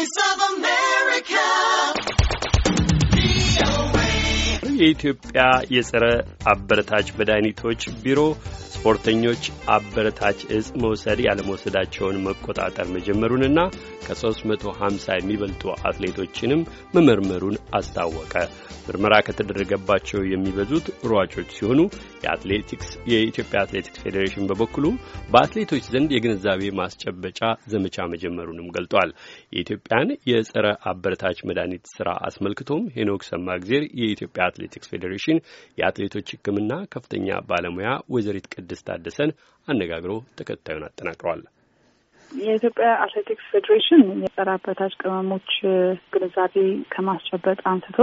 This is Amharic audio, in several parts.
Voice of የኢትዮጵያ የጸረ አበረታች መድኃኒቶች ቢሮ ስፖርተኞች አበረታች እጽ መውሰድ ያለመውሰዳቸውን መቆጣጠር መጀመሩንና ከ350 የሚበልጡ አትሌቶችንም መመርመሩን አስታወቀ። ምርመራ ከተደረገባቸው የሚበዙት ሯጮች ሲሆኑ የአትሌቲክስ የኢትዮጵያ አትሌቲክስ ፌዴሬሽን በበኩሉ በአትሌቶች ዘንድ የግንዛቤ ማስጨበጫ ዘመቻ መጀመሩንም ገልጧል። የኢትዮጵያን የጸረ አበረታች መድኃኒት ስራ አስመልክቶም ሄኖክ ሰማግዜር የኢትዮጵያ አትሌቲክስ አትሌቲክስ ፌዴሬሽን የአትሌቶች ሕክምና ከፍተኛ ባለሙያ ወይዘሪት ቅድስት ታደሰን አነጋግሮ ተከታዩን አጠናቅሯል። የኢትዮጵያ አትሌቲክስ ፌዴሬሽን የጸረ ቅመሞች ግንዛቤ ከማስጨበጥ አንስቶ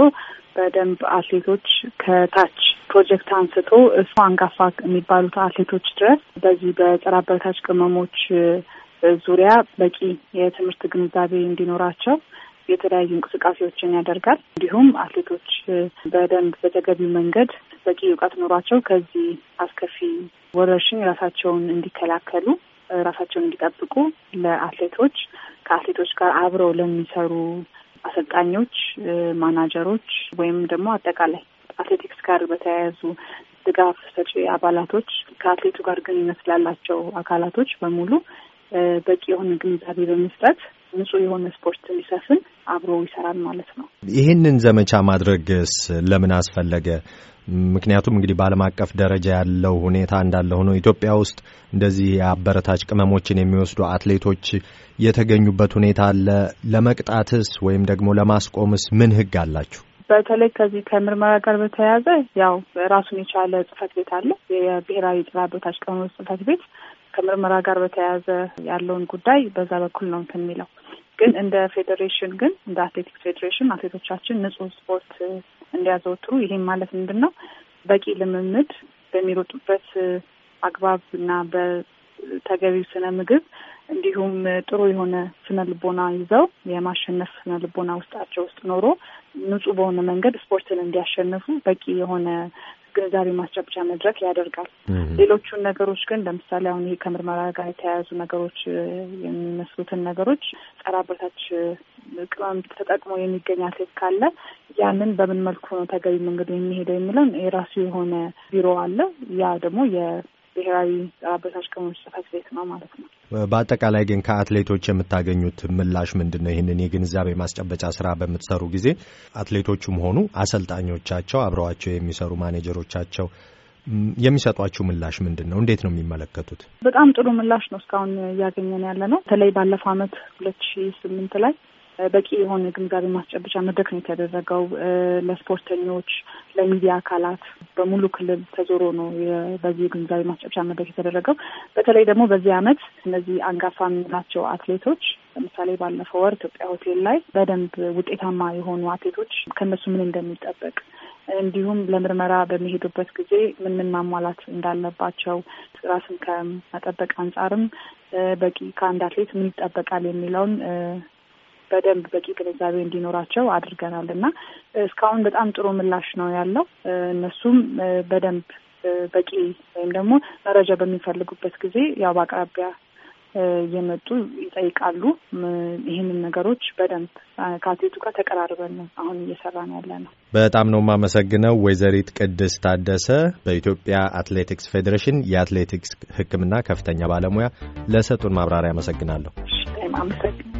በደንብ አትሌቶች ከታች ፕሮጀክት አንስቶ እሱ አንጋፋ የሚባሉት አትሌቶች ድረስ በዚህ በጸረ ቅመሞች ዙሪያ በቂ የትምህርት ግንዛቤ እንዲኖራቸው የተለያዩ እንቅስቃሴዎችን ያደርጋል። እንዲሁም አትሌቶች በደንብ በተገቢው መንገድ በቂ እውቀት ኖሯቸው ከዚህ አስከፊ ወረርሽኝ ራሳቸውን እንዲከላከሉ ራሳቸውን እንዲጠብቁ ለአትሌቶች ከአትሌቶች ጋር አብረው ለሚሰሩ አሰልጣኞች፣ ማናጀሮች ወይም ደግሞ አጠቃላይ አትሌቲክስ ጋር በተያያዙ ድጋፍ ሰጪ አባላቶች ከአትሌቱ ጋር ግንኙነት ላላቸው አካላቶች በሙሉ በቂ የሆነ ግንዛቤ በመስጠት ንጹህ የሆነ ስፖርት እንዲሰፍን አብሮ ይሰራል ማለት ነው። ይህንን ዘመቻ ማድረግስ ለምን አስፈለገ? ምክንያቱም እንግዲህ በዓለም አቀፍ ደረጃ ያለው ሁኔታ እንዳለ ሆኖ ኢትዮጵያ ውስጥ እንደዚህ የአበረታች ቅመሞችን የሚወስዱ አትሌቶች የተገኙበት ሁኔታ አለ። ለመቅጣትስ ወይም ደግሞ ለማስቆምስ ምን ህግ አላችሁ? በተለይ ከዚህ ከምርመራ ጋር በተያያዘ ያው ራሱን የቻለ ጽህፈት ቤት አለ። የብሔራዊ ጥራ በታች ቀመሮች ጽህፈት ቤት ከምርመራ ጋር በተያያዘ ያለውን ጉዳይ በዛ በኩል ነው እንትን የሚለው ግን እንደ ፌዴሬሽን ግን እንደ አትሌቲክስ ፌዴሬሽን አትሌቶቻችን ንጹህ ስፖርት እንዲያዘወትሩ ይህም ማለት ምንድን ነው በቂ ልምምድ በሚሮጡበት አግባብ እና በተገቢው ስነ ምግብ እንዲሁም ጥሩ የሆነ ስነ ልቦና ይዘው የማሸነፍ ስነ ልቦና ውስጣቸው ውስጥ ኖሮ ንጹህ በሆነ መንገድ ስፖርትን እንዲያሸንፉ በቂ የሆነ ግንዛቤ ማስጨበጫ መድረክ ያደርጋል። ሌሎቹን ነገሮች ግን ለምሳሌ አሁን ይሄ ከምርመራ ጋር የተያያዙ ነገሮች የሚመስሉትን ነገሮች ጸረ አበረታች ቅመም ተጠቅሞ የሚገኝ አትሌት ካለ ያንን በምን መልኩ ነው ተገቢ መንገዱ የሚሄደው የሚለውን የራሱ የሆነ ቢሮ አለ። ያ ደግሞ ብሔራዊ ፀረ አበረታች ጽፈት ቤት ነው ማለት ነው። በአጠቃላይ ግን ከአትሌቶች የምታገኙት ምላሽ ምንድን ነው? ይህንን የግንዛቤ ማስጨበጫ ስራ በምትሰሩ ጊዜ አትሌቶቹም ሆኑ አሰልጣኞቻቸው፣ አብረዋቸው የሚሰሩ ማኔጀሮቻቸው የሚሰጧችሁ ምላሽ ምንድን ነው? እንዴት ነው የሚመለከቱት? በጣም ጥሩ ምላሽ ነው እስካሁን እያገኘን ያለ ነው። በተለይ ባለፈው ዓመት ሁለት ሺ ስምንት ላይ በቂ የሆነ ግንዛቤ ማስጨበጫ መድረክ ነው የተደረገው። ለስፖርተኞች፣ ለሚዲያ አካላት በሙሉ ክልል ተዞሮ ነው በዚህ ግንዛቤ ማስጨበጫ መድረክ የተደረገው። በተለይ ደግሞ በዚህ ዓመት እነዚህ አንጋፋ የምንላቸው አትሌቶች ለምሳሌ ባለፈው ወር ኢትዮጵያ ሆቴል ላይ በደንብ ውጤታማ የሆኑ አትሌቶች ከነሱ ምን እንደሚጠበቅ እንዲሁም ለምርመራ በሚሄዱበት ጊዜ ምን ምን ማሟላት እንዳለባቸው ራስን ከመጠበቅ አንጻርም በቂ ከአንድ አትሌት ምን ይጠበቃል የሚለውን በደንብ በቂ ግንዛቤ እንዲኖራቸው አድርገናል እና እስካሁን በጣም ጥሩ ምላሽ ነው ያለው። እነሱም በደንብ በቂ ወይም ደግሞ መረጃ በሚፈልጉበት ጊዜ ያው በአቅራቢያ እየመጡ ይጠይቃሉ። ይህንን ነገሮች በደንብ ከአትሌቱ ጋር ተቀራርበን ነው አሁን ነው ያለ ነው። በጣም ነው የማመሰግነው ወይዘሪት ቅድስት ታደሰ በኢትዮጵያ አትሌቲክስ ፌዴሬሽን የአትሌቲክስ ሕክምና ከፍተኛ ባለሙያ ለሰጡን ማብራሪያ አመሰግናለሁ። አመሰግናለሁ።